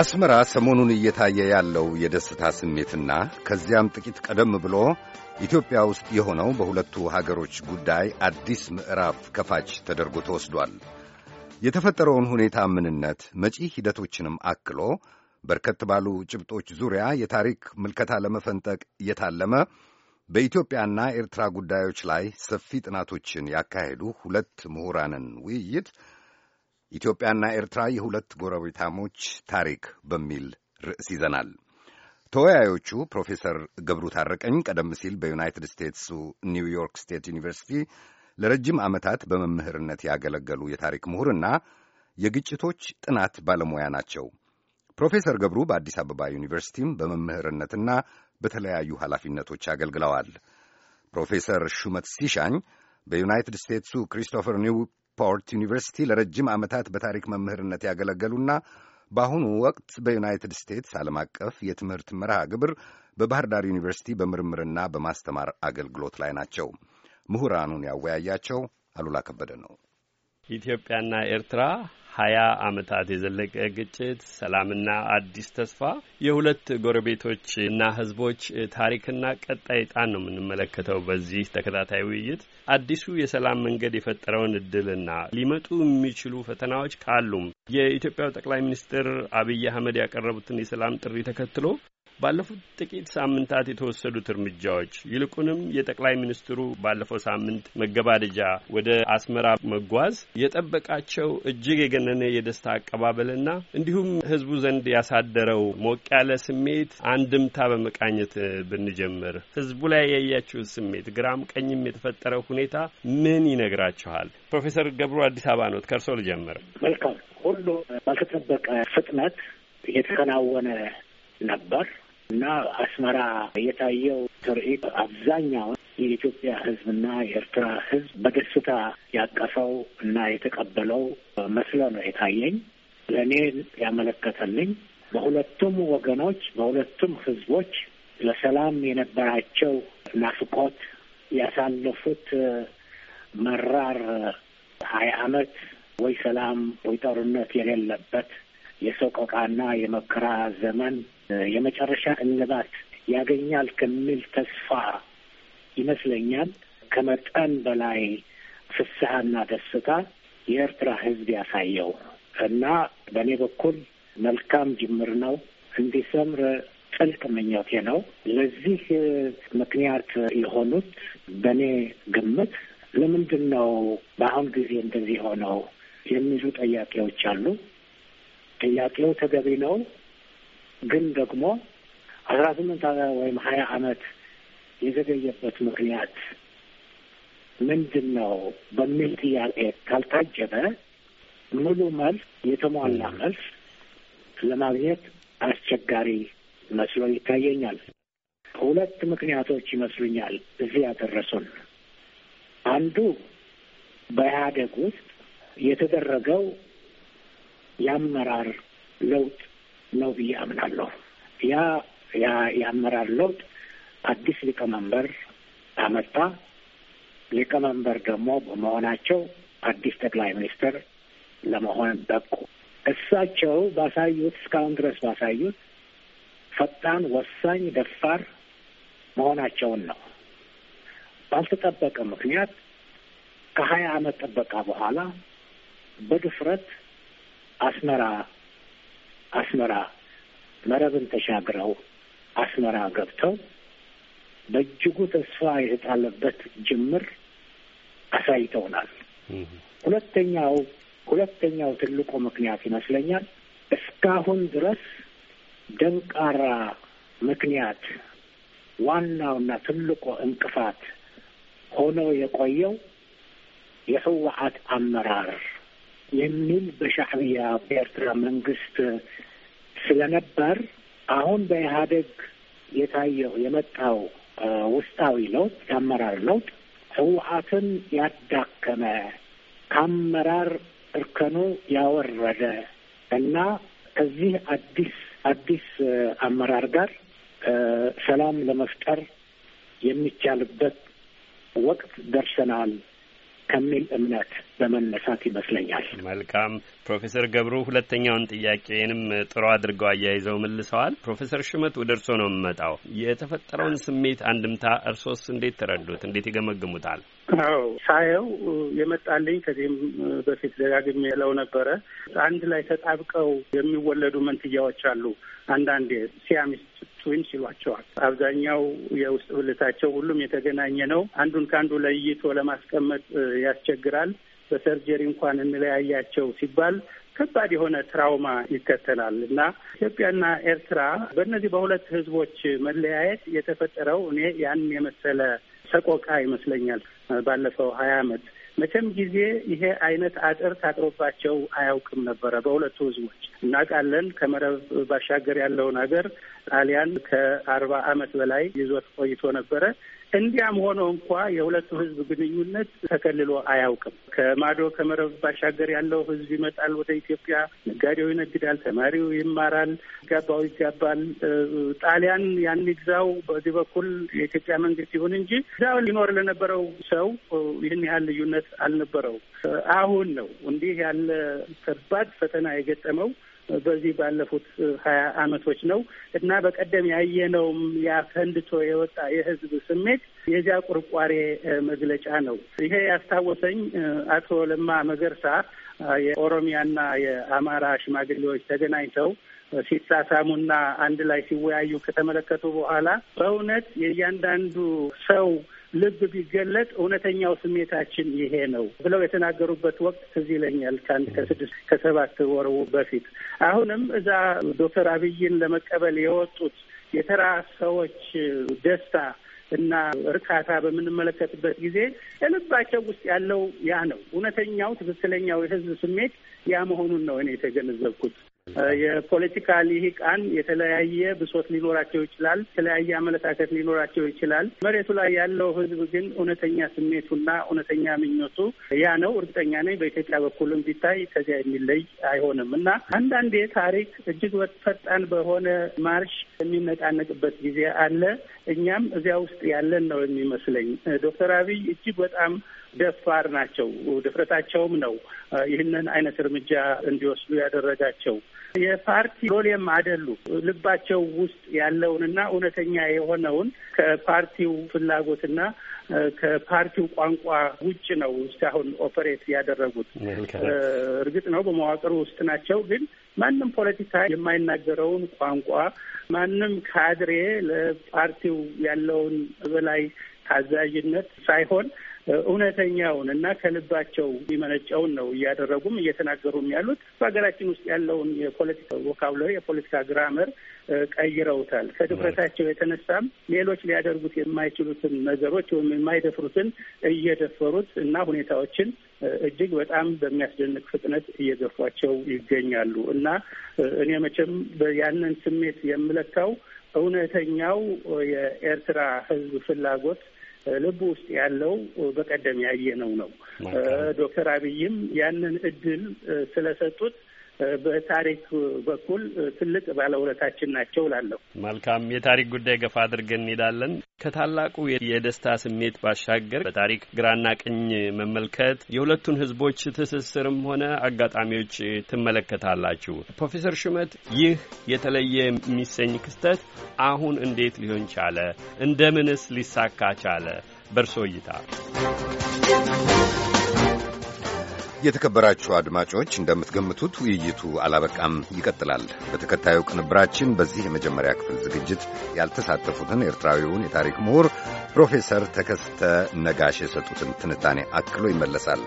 አስመራ ሰሞኑን እየታየ ያለው የደስታ ስሜትና ከዚያም ጥቂት ቀደም ብሎ ኢትዮጵያ ውስጥ የሆነው በሁለቱ ሀገሮች ጉዳይ አዲስ ምዕራፍ ከፋች ተደርጎ ተወስዷል። የተፈጠረውን ሁኔታ ምንነት፣ መጪ ሂደቶችንም አክሎ በርከት ባሉ ጭብጦች ዙሪያ የታሪክ ምልከታ ለመፈንጠቅ እየታለመ በኢትዮጵያና ኤርትራ ጉዳዮች ላይ ሰፊ ጥናቶችን ያካሄዱ ሁለት ምሁራንን ውይይት ኢትዮጵያና ኤርትራ የሁለት ጎረቤታሞች ታሪክ በሚል ርዕስ ይዘናል። ተወያዮቹ ፕሮፌሰር ገብሩ ታረቀኝ ቀደም ሲል በዩናይትድ ስቴትሱ ኒውዮርክ ስቴት ዩኒቨርሲቲ ለረጅም ዓመታት በመምህርነት ያገለገሉ የታሪክ ምሁርና የግጭቶች ጥናት ባለሙያ ናቸው። ፕሮፌሰር ገብሩ በአዲስ አበባ ዩኒቨርሲቲም በመምህርነትና በተለያዩ ኃላፊነቶች አገልግለዋል። ፕሮፌሰር ሹመት ሲሻኝ በዩናይትድ ስቴትሱ ክሪስቶፈር ኒውፖርት ዩኒቨርሲቲ ለረጅም ዓመታት በታሪክ መምህርነት ያገለገሉና በአሁኑ ወቅት በዩናይትድ ስቴትስ ዓለም አቀፍ የትምህርት መርሃ ግብር በባህር ዳር ዩኒቨርሲቲ በምርምርና በማስተማር አገልግሎት ላይ ናቸው። ምሁራኑን ያወያያቸው አሉላ ከበደ ነው። ኢትዮጵያና ኤርትራ ሀያ አመታት የዘለቀ ግጭት፣ ሰላምና አዲስ ተስፋ የሁለት ጎረቤቶች እና ህዝቦች ታሪክና ቀጣይ ዕጣን ነው የምንመለከተው። በዚህ ተከታታይ ውይይት አዲሱ የሰላም መንገድ የፈጠረውን እድልና ሊመጡ የሚችሉ ፈተናዎች ካሉም የኢትዮጵያው ጠቅላይ ሚኒስትር አብይ አህመድ ያቀረቡትን የሰላም ጥሪ ተከትሎ ባለፉት ጥቂት ሳምንታት የተወሰዱት እርምጃዎች ይልቁንም የጠቅላይ ሚኒስትሩ ባለፈው ሳምንት መገባደጃ ወደ አስመራ መጓዝ የጠበቃቸው እጅግ የገነነ የደስታ አቀባበልና እንዲሁም ሕዝቡ ዘንድ ያሳደረው ሞቅ ያለ ስሜት አንድምታ በመቃኘት ብንጀምር ሕዝቡ ላይ ያያቸው ስሜት ግራም ቀኝም የተፈጠረው ሁኔታ ምን ይነግራችኋል? ፕሮፌሰር ገብሩ አዲስ አበባ ኖት፣ ከእርስዎ ልጀምር። መልካም ሁሉ ባልተጠበቀ ፍጥነት እየተከናወነ ነበር። እና አስመራ የታየው ትርኢት አብዛኛውን የኢትዮጵያ ሕዝብና የኤርትራ ሕዝብ በደስታ ያቀፈው እና የተቀበለው መስሎ ነው የታየኝ። ለእኔ ያመለከተልኝ በሁለቱም ወገኖች በሁለቱም ሕዝቦች ለሰላም የነበራቸው ናፍቆት ያሳለፉት መራር ሀያ አመት ወይ ሰላም ወይ ጦርነት የሌለበት የሰቆቃና የመከራ ዘመን የመጨረሻ እንባት ያገኛል ከሚል ተስፋ ይመስለኛል ከመጠን በላይ ፍስሀና ደስታ የኤርትራ ሕዝብ ያሳየው እና በእኔ በኩል መልካም ጅምር ነው። እንዲሰምር ጥልቅ ምኞቴ ነው። ለዚህ ምክንያት የሆኑት በእኔ ግምት ለምንድን ነው በአሁን ጊዜ እንደዚህ ሆነው የሚሉ ጥያቄዎች አሉ። ጥያቄው ተገቢ ነው። ግን ደግሞ አስራ ስምንት ወይም ሀያ አመት የዘገየበት ምክንያት ምንድን ነው በሚል ጥያቄ ካልታጀበ ሙሉ መልስ የተሟላ መልስ ለማግኘት አስቸጋሪ መስሎ ይታየኛል። ሁለት ምክንያቶች ይመስሉኛል እዚህ ያደረሱን። አንዱ በኢህአዴግ ውስጥ የተደረገው የአመራር ለውጥ ነው ብዬ አምናለሁ። ያ ያ የአመራር ለውጥ አዲስ ሊቀመንበር አመጣ። ሊቀመንበር ደግሞ በመሆናቸው አዲስ ጠቅላይ ሚኒስትር ለመሆን በቁ። እሳቸው ባሳዩት እስካሁን ድረስ ባሳዩት ፈጣን፣ ወሳኝ፣ ደፋር መሆናቸውን ነው። ባልተጠበቀ ምክንያት ከሀያ አመት ጥበቃ በኋላ በድፍረት አስመራ አስመራ መረብን ተሻግረው አስመራ ገብተው በእጅጉ ተስፋ የተጣለበት ጅምር አሳይተውናል። ሁለተኛው ሁለተኛው ትልቁ ምክንያት ይመስለኛል እስካሁን ድረስ ደንቃራ ምክንያት ዋናውና ትልቁ እንቅፋት ሆኖ የቆየው የህወሀት አመራር የሚል በሻዕቢያ በኤርትራ መንግስት ስለነበር አሁን በኢህአደግ የታየው የመጣው ውስጣዊ ለውጥ የአመራር ለውጥ ህወሀትን ያዳከመ ከአመራር እርከኑ ያወረደ እና ከዚህ አዲስ አዲስ አመራር ጋር ሰላም ለመፍጠር የሚቻልበት ወቅት ደርሰናል ከሚል እምነት በመነሳት ይመስለኛል። መልካም ፕሮፌሰር ገብሩ ሁለተኛውን ጥያቄንም ጥሩ አድርገው አያይዘው መልሰዋል። ፕሮፌሰር ሽመት ወደ እርስዎ ነው የምመጣው። የተፈጠረውን ስሜት አንድምታ እርሶስ እንዴት ተረዱት? እንዴት ይገመግሙታል? አዎ ሳየው የመጣልኝ ከዚህም በፊት ደጋግሜ የለው ነበረ። አንድ ላይ ተጣብቀው የሚወለዱ መንትያዎች አሉ። አንዳንዴ ሲያሚስት አትጩኝ ሲሏቸዋል። አብዛኛው የውስጥ ብልታቸው ሁሉም የተገናኘ ነው። አንዱን ከአንዱ ለይቶ ለማስቀመጥ ያስቸግራል። በሰርጀሪ እንኳን እንለያያቸው ሲባል ከባድ የሆነ ትራውማ ይከተላል እና ኢትዮጵያና ኤርትራ በእነዚህ በሁለት ህዝቦች መለያየት የተፈጠረው እኔ ያን የመሰለ ሰቆቃ ይመስለኛል። ባለፈው ሀያ ዓመት መቼም ጊዜ ይሄ አይነት አጥር ታጥሮባቸው አያውቅም ነበረ በሁለቱ ህዝቦች እናውቃለን። ከመረብ ባሻገር ያለውን ሀገር ጣሊያን ከአርባ አመት በላይ ይዞት ቆይቶ ነበረ። እንዲያም ሆኖ እንኳ የሁለቱ ህዝብ ግንኙነት ተከልሎ አያውቅም። ከማዶ ከመረብ ባሻገር ያለው ህዝብ ይመጣል ወደ ኢትዮጵያ። ነጋዴው ይነግዳል፣ ተማሪው ይማራል፣ ጋባው ይጋባል። ጣሊያን ያን ግዛው በዚህ በኩል የኢትዮጵያ መንግስት ይሁን እንጂ እዛው ሊኖር ለነበረው ሰው ይህን ያህል ልዩነት አልነበረው። አሁን ነው እንዲህ ያለ ከባድ ፈተና የገጠመው በዚህ ባለፉት ሀያ አመቶች ነው እና በቀደም ያየነውም ያፈንድቶ የወጣ የህዝብ ስሜት የዚያ ቁርቋሬ መግለጫ ነው። ይሄ ያስታወሰኝ አቶ ለማ መገርሳ የኦሮሚያና የአማራ ሽማግሌዎች ተገናኝተው ሲሳሳሙና አንድ ላይ ሲወያዩ ከተመለከቱ በኋላ በእውነት የእያንዳንዱ ሰው ልብ ቢገለጥ እውነተኛው ስሜታችን ይሄ ነው ብለው የተናገሩበት ወቅት ትዝ ይለኛል ከአንድ ከስድስት ከሰባት ወር በፊት። አሁንም እዛ ዶክተር አብይን ለመቀበል የወጡት የተራ ሰዎች ደስታ እና እርካታ በምንመለከትበት ጊዜ ልባቸው ውስጥ ያለው ያ ነው እውነተኛው ትክክለኛው የህዝብ ስሜት ያ መሆኑን ነው እኔ የተገነዘብኩት። የፖለቲካ ልሂቃን የተለያየ ብሶት ሊኖራቸው ይችላል፣ የተለያየ አመለካከት ሊኖራቸው ይችላል። መሬቱ ላይ ያለው ህዝብ ግን እውነተኛ ስሜቱና እውነተኛ ምኞቱ ያ ነው። እርግጠኛ ነኝ በኢትዮጵያ በኩልም ቢታይ ከዚያ የሚለይ አይሆንም እና አንዳንዴ ታሪክ እጅግ ፈጣን በሆነ ማርሽ የሚነቃነቅበት ጊዜ አለ። እኛም እዚያ ውስጥ ያለን ነው የሚመስለኝ። ዶክተር አብይ እጅግ በጣም ደፋር ናቸው። ድፍረታቸውም ነው ይህንን አይነት እርምጃ እንዲወስዱ ያደረጋቸው። የፓርቲ ሎሌም አደሉ። ልባቸው ውስጥ ያለውንና እውነተኛ የሆነውን ከፓርቲው ፍላጎትና ከፓርቲው ቋንቋ ውጭ ነው እስካሁን ኦፐሬት ያደረጉት። እርግጥ ነው በመዋቅሩ ውስጥ ናቸው፣ ግን ማንም ፖለቲካ የማይናገረውን ቋንቋ ማንም ካድሬ ለፓርቲው ያለውን በላይ ታዛዥነት ሳይሆን እውነተኛውን እና ከልባቸው የሚመነጨውን ነው እያደረጉም እየተናገሩም ያሉት። በሀገራችን ውስጥ ያለውን የፖለቲካ ወካብላዊ የፖለቲካ ግራመር ቀይረውታል። ከድፍረታቸው የተነሳም ሌሎች ሊያደርጉት የማይችሉትን ነገሮች ወይም የማይደፍሩትን እየደፈሩት እና ሁኔታዎችን እጅግ በጣም በሚያስደንቅ ፍጥነት እየገፏቸው ይገኛሉ እና እኔ መቼም ያንን ስሜት የምለካው እውነተኛው የኤርትራ ሕዝብ ፍላጎት ልብ ውስጥ ያለው በቀደም ያየነው ነው። ዶክተር አብይም ያንን እድል ስለሰጡት በታሪክ በኩል ትልቅ ባለውለታችን ናቸው እላለሁ። መልካም የታሪክ ጉዳይ ገፋ አድርገን እንሄዳለን። ከታላቁ የደስታ ስሜት ባሻገር በታሪክ ግራና ቀኝ መመልከት የሁለቱን ህዝቦች ትስስርም ሆነ አጋጣሚዎች ትመለከታላችሁ። ፕሮፌሰር ሹመት ይህ የተለየ የሚሰኝ ክስተት አሁን እንዴት ሊሆን ቻለ? እንደምንስ ሊሳካ ቻለ? በእርሶ እይታ የተከበራችሁ አድማጮች እንደምትገምቱት ውይይቱ አላበቃም፣ ይቀጥላል። በተከታዩ ቅንብራችን በዚህ የመጀመሪያ ክፍል ዝግጅት ያልተሳተፉትን ኤርትራዊውን የታሪክ ምሁር ፕሮፌሰር ተከስተ ነጋሽ የሰጡትን ትንታኔ አክሎ ይመለሳል።